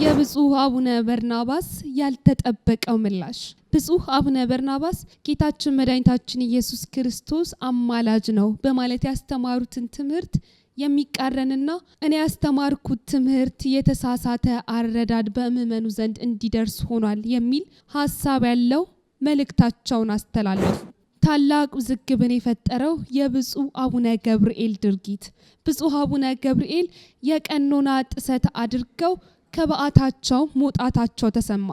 የብፁህ አቡነ በርናባስ ያልተጠበቀው ምላሽ። ብፁህ አቡነ በርናባስ ጌታችን መድኃኒታችን ኢየሱስ ክርስቶስ አማላጅ ነው በማለት ያስተማሩትን ትምህርት የሚቃረንና እኔ ያስተማርኩት ትምህርት የተሳሳተ አረዳድ በምዕመኑ ዘንድ እንዲደርስ ሆኗል የሚል ሀሳብ ያለው መልእክታቸውን አስተላለፉ። ታላቅ ውዝግብን የፈጠረው የብፁዕ አቡነ ገብርኤል ድርጊት። ብፁዕ አቡነ ገብርኤል የቀኖና ጥሰት አድርገው ከበዓታቸው መውጣታቸው ተሰማ።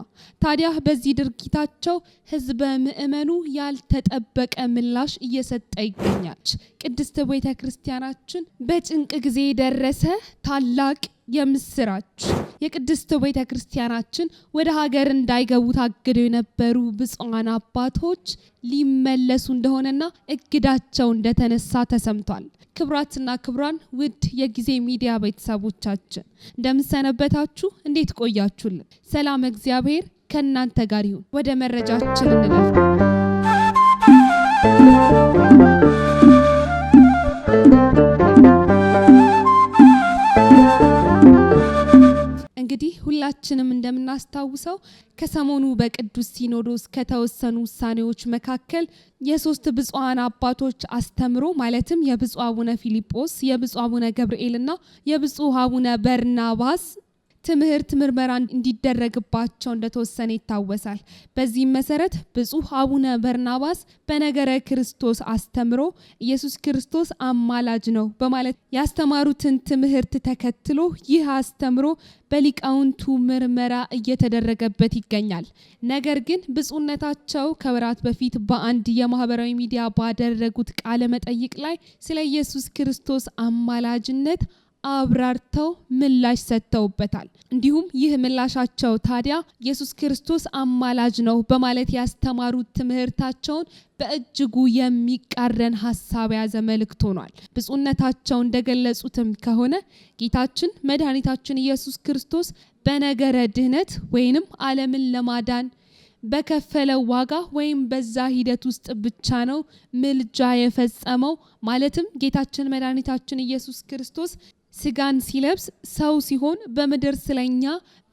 ታዲያ በዚህ ድርጊታቸው ህዝበ ምእመኑ ያልተጠበቀ ምላሽ እየሰጠ ይገኛል። ቅድስት ቤተ ክርስቲያናችን በጭንቅ ጊዜ የደረሰ ታላቅ የምስራች የቅድስት ቤተ ክርስቲያናችን ወደ ሀገር እንዳይገቡ ታግደው የነበሩ ብፁዓን አባቶች ሊመለሱ እንደሆነና እግዳቸው እንደተነሳ ተሰምቷል። ክብራትና ክብራን ውድ የጊዜ ሚዲያ ቤተሰቦቻችን እንደምንሰነበታችሁ፣ እንዴት ቆያችሁልን? ሰላም እግዚአብሔር ከእናንተ ጋር ይሁን። ወደ መረጃችን እንለፍ። ሰው ከሰሞኑ በቅዱስ ሲኖዶስ ከተወሰኑ ውሳኔዎች መካከል የሶስት ብፁዓን አባቶች አስተምሮ ማለትም የብፁ አቡነ ፊልጶስ፣ የብፁ አቡነ ገብርኤልና የብፁ አቡነ በርናባስ ትምህርት፣ ምርመራ እንዲደረግባቸው እንደተወሰነ ይታወሳል። በዚህም መሰረት ብጹህ አቡነ በርናባስ በነገረ ክርስቶስ አስተምሮ ኢየሱስ ክርስቶስ አማላጅ ነው በማለት ያስተማሩትን ትምህርት ተከትሎ ይህ አስተምሮ በሊቃውንቱ ምርመራ እየተደረገበት ይገኛል። ነገር ግን ብፁዕነታቸው ከወራት በፊት በአንድ የማህበራዊ ሚዲያ ባደረጉት ቃለ መጠይቅ ላይ ስለ ኢየሱስ ክርስቶስ አማላጅነት አብራርተው ምላሽ ሰጥተውበታል። እንዲሁም ይህ ምላሻቸው ታዲያ ኢየሱስ ክርስቶስ አማላጅ ነው በማለት ያስተማሩት ትምህርታቸውን በእጅጉ የሚቃረን ሀሳብ የያዘ መልእክት ሆኗል። ብፁዕነታቸው እንደገለጹትም ከሆነ ጌታችን መድኃኒታችን ኢየሱስ ክርስቶስ በነገረ ድህነት ወይንም ዓለምን ለማዳን በከፈለው ዋጋ ወይም በዛ ሂደት ውስጥ ብቻ ነው ምልጃ የፈጸመው። ማለትም ጌታችን መድኃኒታችን ኢየሱስ ክርስቶስ ስጋን ሲለብስ ሰው ሲሆን በምድር ስለኛ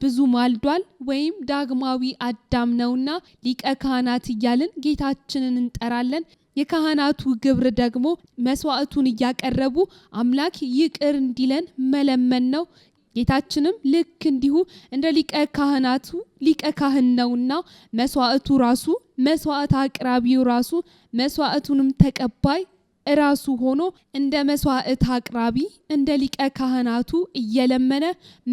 ብዙ ማልዷል ወይም ዳግማዊ አዳም ነውና ሊቀ ካህናት እያልን ጌታችንን እንጠራለን። የካህናቱ ግብር ደግሞ መስዋዕቱን እያቀረቡ አምላክ ይቅር እንዲለን መለመን ነው። ጌታችንም ልክ እንዲሁ እንደ ሊቀ ካህናቱ ሊቀ ካህን ነውና መስዋዕቱ ራሱ መስዋዕት አቅራቢው ራሱ መስዋዕቱንም ተቀባይ እራሱ ሆኖ እንደ መስዋዕት አቅራቢ እንደ ሊቀ ካህናቱ እየለመነ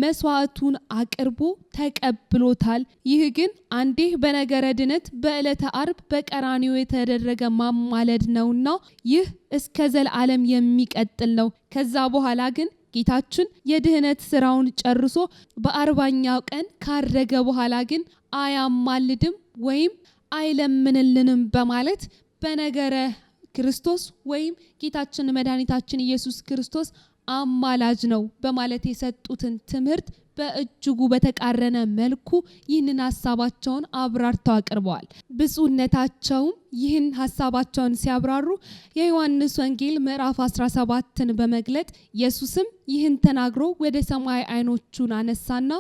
መስዋዕቱን አቅርቦ ተቀብሎታል። ይህ ግን አንዴ በነገረ ድነት በዕለተ አርብ በቀራኒው የተደረገ ማማለድ ነውና ይህ እስከ ዘላለም የሚቀጥል ነው። ከዛ በኋላ ግን ጌታችን የድህነት ስራውን ጨርሶ በአርባኛው ቀን ካረገ በኋላ ግን አያማልድም ወይም አይለምንልንም በማለት በነገረ ክርስቶስ ወይም ጌታችን መድኃኒታችን ኢየሱስ ክርስቶስ አማላጅ ነው በማለት የሰጡትን ትምህርት በእጅጉ በተቃረነ መልኩ ይህንን ሀሳባቸውን አብራርተው አቅርበዋል። ብፁዕነታቸውም ይህን ሀሳባቸውን ሲያብራሩ የዮሐንስ ወንጌል ምዕራፍ 17ን በመግለጥ ኢየሱስም ይህን ተናግሮ ወደ ሰማይ ዓይኖቹን አነሳና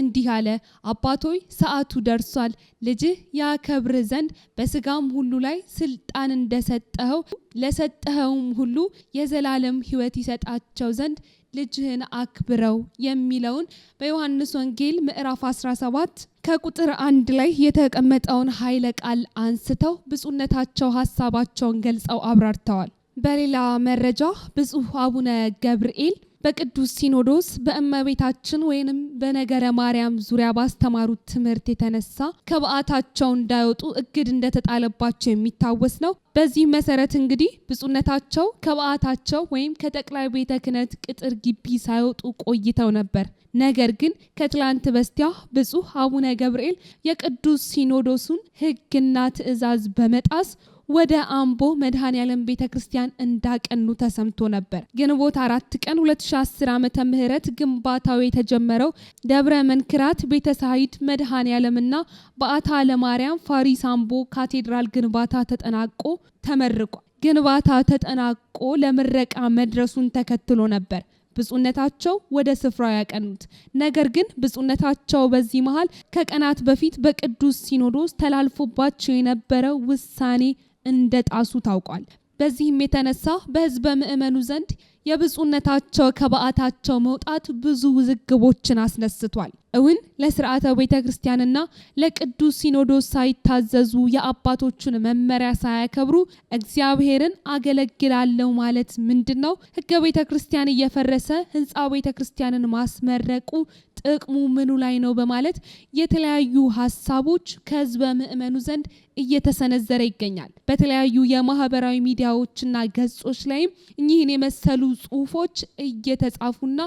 እንዲህ አለ፣ አባቶይ ሰዓቱ ደርሷል። ልጅህ ያከብር ዘንድ በስጋም ሁሉ ላይ ስልጣን እንደሰጠኸው ለሰጠኸውም ሁሉ የዘላለም ሕይወት ይሰጣቸው ዘንድ ልጅህን አክብረው የሚለውን በዮሐንስ ወንጌል ምዕራፍ 17 ከቁጥር አንድ ላይ የተቀመጠውን ኃይለ ቃል አንስተው ብፁዕነታቸው ሀሳባቸውን ገልጸው አብራርተዋል። በሌላ መረጃ ብፁዕ አቡነ ገብርኤል በቅዱስ ሲኖዶስ በእመቤታችን ወይንም በነገረ ማርያም ዙሪያ ባስተማሩት ትምህርት የተነሳ ከበዓታቸው እንዳይወጡ እግድ እንደተጣለባቸው የሚታወስ ነው። በዚህ መሰረት እንግዲህ ብፁዕነታቸው ከበዓታቸው ወይም ከጠቅላይ ቤተ ክህነት ቅጥር ግቢ ሳይወጡ ቆይተው ነበር። ነገር ግን ከትላንት በስቲያ ብፁዕ አቡነ ገብርኤል የቅዱስ ሲኖዶሱን ሕግና ትእዛዝ በመጣስ ወደ አምቦ መድኃኔ ዓለም ቤተ ክርስቲያን እንዳቀኑ ተሰምቶ ነበር። ግንቦት አራት ቀን 2010 ዓመተ ምህረት ግንባታው የተጀመረው ደብረ መንክራት ቤተ ሳሂድ መድኃኔ ና በአታ ለማርያም ፋሪስ አምቦ ካቴድራል ግንባታ ተጠናቆ ተመርቋል። ግንባታ ተጠናቆ ለምረቃ መድረሱን ተከትሎ ነበር ብፁነታቸው ወደ ስፍራው ያቀኑት። ነገር ግን ብፁነታቸው በዚህ መሀል ከቀናት በፊት በቅዱስ ሲኖዶስ ተላልፎባቸው የነበረው ውሳኔ እንደ ጣሱ ታውቋል። በዚህም የተነሳ በህዝበ ምእመኑ ዘንድ የብፁዕነታቸው ከበዓታቸው መውጣት ብዙ ውዝግቦችን አስነስቷል። እውን ለስርዓተ ቤተ ክርስቲያንና ለቅዱስ ሲኖዶስ ሳይታዘዙ የአባቶቹን መመሪያ ሳያከብሩ እግዚአብሔርን አገለግላለሁ ማለት ምንድን ነው? ህገ ቤተ ክርስቲያን እየፈረሰ ህንፃ ቤተ ክርስቲያንን ማስመረቁ ጥቅሙ ምኑ ላይ ነው በማለት የተለያዩ ሀሳቦች ከህዝበ ምእመኑ ዘንድ እየተሰነዘረ ይገኛል። በተለያዩ የማህበራዊ ሚዲያዎችና ገጾች ላይም እኚህን የመሰሉ ጽሁፎች እየተጻፉና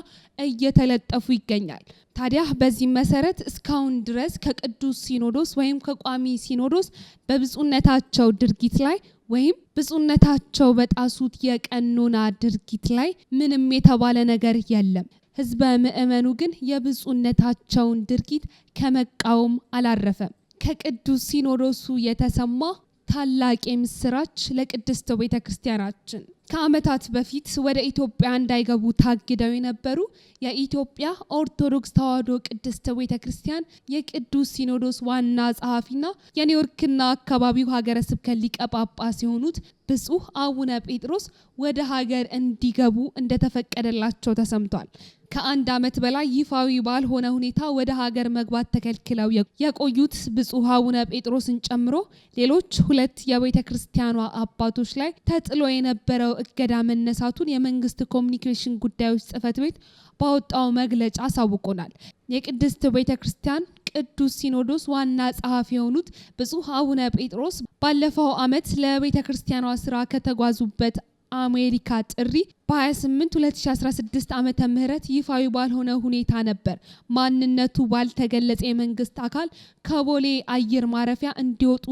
እየተለጠፉ ይገኛል። ታዲያ በዚህ መሰረት እስካሁን ድረስ ከቅዱስ ሲኖዶስ ወይም ከቋሚ ሲኖዶስ በብፁዕነታቸው ድርጊት ላይ ወይም ብፁዕነታቸው በጣሱት የቀኖና ድርጊት ላይ ምንም የተባለ ነገር የለም። ህዝበ ምእመኑ ግን የብፁዕነታቸውን ድርጊት ከመቃወም አላረፈም። ከቅዱስ ሲኖዶሱ የተሰማ ታላቅ የምስራች ለቅድስት ቤተ ክርስቲያናችን። ከዓመታት በፊት ወደ ኢትዮጵያ እንዳይገቡ ታግደው የነበሩ የኢትዮጵያ ኦርቶዶክስ ተዋሕዶ ቅድስት ቤተ ክርስቲያን የቅዱስ ሲኖዶስ ዋና ጸሐፊና የኒውዮርክና አካባቢው ሀገረ ስብከት ሊቀ ጳጳስ የሆኑት ብፁዕ አቡነ ጴጥሮስ ወደ ሀገር እንዲገቡ እንደተፈቀደላቸው ተሰምቷል። ከአንድ ዓመት በላይ ይፋዊ ባልሆነ ሁኔታ ወደ ሀገር መግባት ተከልክለው የቆዩት ብፁዕ አቡነ ጴጥሮስን ጨምሮ ሌሎች ሁለት የቤተ ክርስቲያኗ አባቶች ላይ ተጥሎ የነበረው እገዳ መነሳቱን የመንግስት ኮሚኒኬሽን ጉዳዮች ጽፈት ቤት ባወጣው መግለጫ አሳውቆናል። የቅድስት ቤተ ክርስቲያን ቅዱስ ሲኖዶስ ዋና ጸሐፊ የሆኑት ብፁዕ አቡነ ጴጥሮስ ባለፈው ዓመት ለቤተ ክርስቲያኗ ስራ ከተጓዙበት አሜሪካ ጥሪ በ28 2016 ዓመተ ምህረት ይፋዊ ባልሆነ ሁኔታ ነበር ማንነቱ ባልተገለጸ የመንግስት አካል ከቦሌ አየር ማረፊያ እንዲወጡ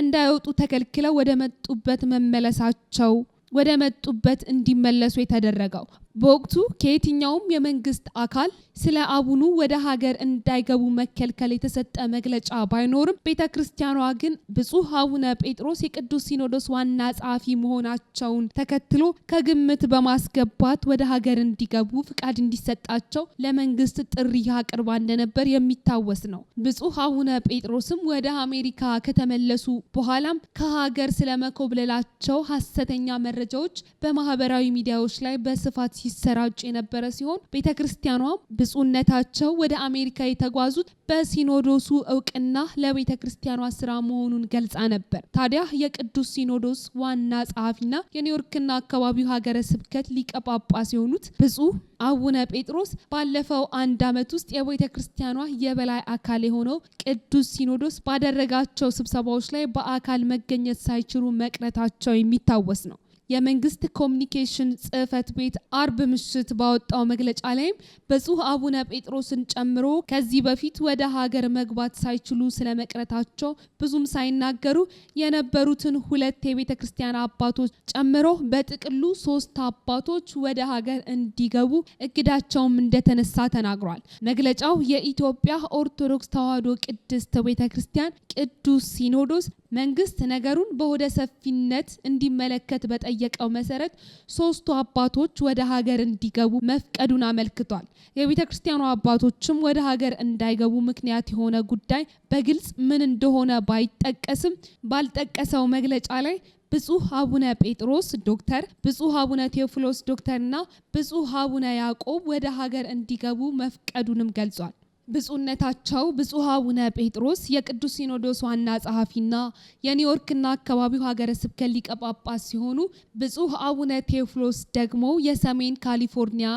እንዳይወጡ ተከልክለው ወደ መጡበት መመለሳቸው ወደ መጡበት እንዲመለሱ የተደረገው በወቅቱ ከየትኛውም የመንግስት አካል ስለ አቡኑ ወደ ሀገር እንዳይገቡ መከልከል የተሰጠ መግለጫ ባይኖርም ቤተ ክርስቲያኗ ግን ብፁህ አቡነ ጴጥሮስ የቅዱስ ሲኖዶስ ዋና ጸሐፊ መሆናቸውን ተከትሎ ከግምት በማስገባት ወደ ሀገር እንዲገቡ ፍቃድ እንዲሰጣቸው ለመንግስት ጥሪ አቅርባ እንደነበር የሚታወስ ነው። ብፁህ አቡነ ጴጥሮስም ወደ አሜሪካ ከተመለሱ በኋላም ከሀገር ስለመኮብለላቸው ሀሰተኛ መረጃዎች በማህበራዊ ሚዲያዎች ላይ በስፋት ሲሰራጭ የነበረ ሲሆን ቤተ ክርስቲያኗም ብፁዕነታቸው ወደ አሜሪካ የተጓዙት በሲኖዶሱ እውቅና ለቤተ ክርስቲያኗ ስራ መሆኑን ገልጻ ነበር። ታዲያ የቅዱስ ሲኖዶስ ዋና ጸሐፊና የኒውዮርክና አካባቢው ሀገረ ስብከት ሊቀ ጳጳስ የሆኑት ብፁዕ አቡነ ጴጥሮስ ባለፈው አንድ ዓመት ውስጥ የቤተ ክርስቲያኗ የበላይ አካል የሆነው ቅዱስ ሲኖዶስ ባደረጋቸው ስብሰባዎች ላይ በአካል መገኘት ሳይችሉ መቅረታቸው የሚታወስ ነው። የመንግስት ኮሚኒኬሽን ጽህፈት ቤት አርብ ምሽት ባወጣው መግለጫ ላይም ብፁዕ አቡነ ጴጥሮስን ጨምሮ ከዚህ በፊት ወደ ሀገር መግባት ሳይችሉ ስለመቅረታቸው ብዙም ሳይናገሩ የነበሩትን ሁለት የቤተ ክርስቲያን አባቶች ጨምሮ በጥቅሉ ሶስት አባቶች ወደ ሀገር እንዲገቡ እግዳቸውም እንደተነሳ ተናግሯል። መግለጫው የኢትዮጵያ ኦርቶዶክስ ተዋሕዶ ቅድስት ቤተ ክርስቲያን ቅዱስ ሲኖዶስ መንግስት ነገሩን በሆደ ሰፊነት እንዲመለከት በጠ በጠየቀው መሰረት ሶስቱ አባቶች ወደ ሀገር እንዲገቡ መፍቀዱን አመልክቷል። የቤተ ክርስቲያኑ አባቶችም ወደ ሀገር እንዳይገቡ ምክንያት የሆነ ጉዳይ በግልጽ ምን እንደሆነ ባይጠቀስም ባልጠቀሰው መግለጫ ላይ ብፁህ አቡነ ጴጥሮስ ዶክተር፣ ብፁህ አቡነ ቴዎፍሎስ ዶክተርና ብፁህ አቡነ ያዕቆብ ወደ ሀገር እንዲገቡ መፍቀዱንም ገልጿል። ብፁዕነታቸው ብፁዕ አቡነ ጴጥሮስ የቅዱስ ሲኖዶስ ዋና ጸሐፊና የኒውዮርክና አካባቢው ሀገረ ስብከት ሊቀ ጳጳስ ሲሆኑ ብፁዕ አቡነ ቴዎፍሎስ ደግሞ የሰሜን ካሊፎርኒያ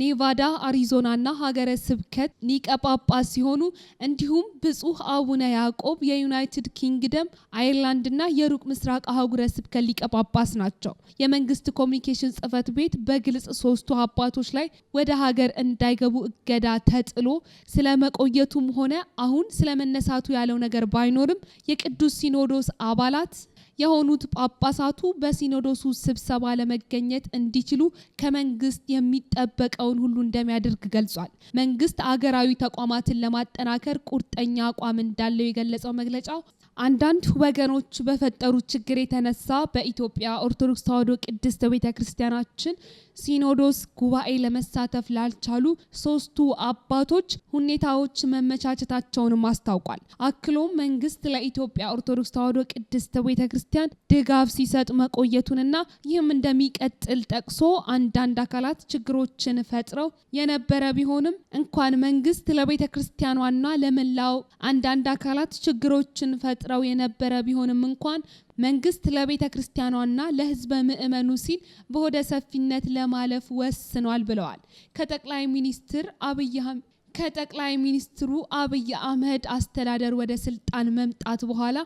ኔቫዳ፣ አሪዞናና ሀገረ ስብከት ሊቀ ጳጳስ ሲሆኑ እንዲሁም ብጹህ አቡነ ያዕቆብ የዩናይትድ ኪንግደም አየርላንድና የሩቅ ምስራቅ አህጉረ ስብከት ሊቀ ጳጳስ ናቸው። የመንግስት ኮሚኒኬሽን ጽህፈት ቤት በግልጽ ሶስቱ አባቶች ላይ ወደ ሀገር እንዳይገቡ እገዳ ተጥሎ ስለ መቆየቱም ሆነ አሁን ስለመነሳቱ ያለው ነገር ባይኖርም የቅዱስ ሲኖዶስ አባላት የሆኑት ጳጳሳቱ በሲኖዶሱ ስብሰባ ለመገኘት እንዲችሉ ከመንግስት የሚጠበቀውን ሁሉ እንደሚያደርግ ገልጿል። መንግስት አገራዊ ተቋማትን ለማጠናከር ቁርጠኛ አቋም እንዳለው የገለጸው መግለጫው አንዳንድ ወገኖች በፈጠሩ ችግር የተነሳ በኢትዮጵያ ኦርቶዶክስ ተዋሕዶ ቅድስት ቤተ ክርስቲያናችን ሲኖዶስ ጉባኤ ለመሳተፍ ላልቻሉ ሶስቱ አባቶች ሁኔታዎች መመቻቸታቸውንም አስታውቋል። አክሎም መንግስት ለኢትዮጵያ ኦርቶዶክስ ተዋሕዶ ቅድስት ቤተ ክርስቲያን ድጋፍ ሲሰጥ መቆየቱንና ይህም እንደሚቀጥል ጠቅሶ አንዳንድ አካላት ችግሮችን ፈጥረው የነበረ ቢሆንም እንኳን መንግስት ለቤተ ክርስቲያኗና ለመላው አንዳንድ አካላት ችግሮችን ፈጥ ይፈጥረው የነበረ ቢሆንም እንኳን መንግስት ለቤተ ክርስቲያኗና ለህዝበ ምእመኑ ሲል በሆደ ሰፊነት ለማለፍ ወስኗል ብለዋል። ከጠቅላይ ሚኒስትር አብይ ከጠቅላይ ሚኒስትሩ አብይ አህመድ አስተዳደር ወደ ስልጣን መምጣት በኋላ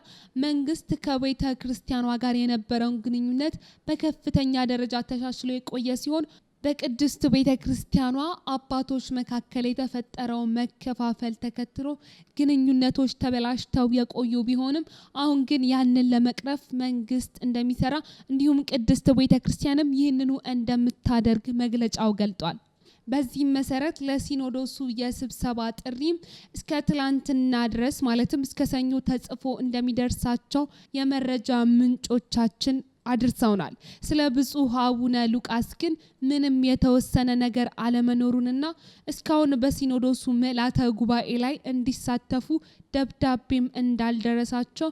መንግስት ከቤተ ክርስቲያኗ ጋር የነበረውን ግንኙነት በከፍተኛ ደረጃ ተሻሽሎ የቆየ ሲሆን በቅድስት ቤተ ክርስቲያኗ አባቶች መካከል የተፈጠረው መከፋፈል ተከትሎ ግንኙነቶች ተበላሽተው የቆዩ ቢሆንም አሁን ግን ያንን ለመቅረፍ መንግስት እንደሚሰራ እንዲሁም ቅድስት ቤተ ክርስቲያንም ይህንኑ እንደምታደርግ መግለጫው ገልጧል። በዚህም መሰረት ለሲኖዶሱ የስብሰባ ጥሪም እስከ ትላንትና ድረስ ማለትም እስከ ሰኞ ተጽፎ እንደሚደርሳቸው የመረጃ ምንጮቻችን አድርሰውናል። ስለ ብፁዕ አቡነ ሉቃስ ግን ምንም የተወሰነ ነገር አለመኖሩንና እስካሁን በሲኖዶሱ ምልዓተ ጉባኤ ላይ እንዲሳተፉ ደብዳቤም እንዳልደረሳቸው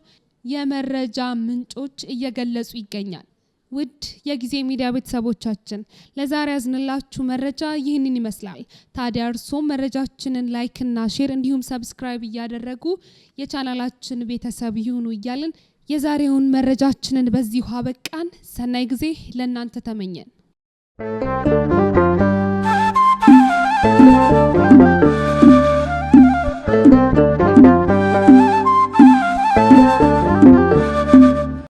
የመረጃ ምንጮች እየገለጹ ይገኛል። ውድ የጊዜ ሚዲያ ቤተሰቦቻችን ለዛሬ ያዝንላችሁ መረጃ ይህንን ይመስላል። ታዲያ እርስዎም መረጃችንን ላይክና ሼር እንዲሁም ሰብስክራይብ እያደረጉ የቻናላችን ቤተሰብ ይሁኑ እያልን የዛሬውን መረጃችንን ውሃ በቃን ሰናይ ጊዜ ለእናንተ ተመኘን።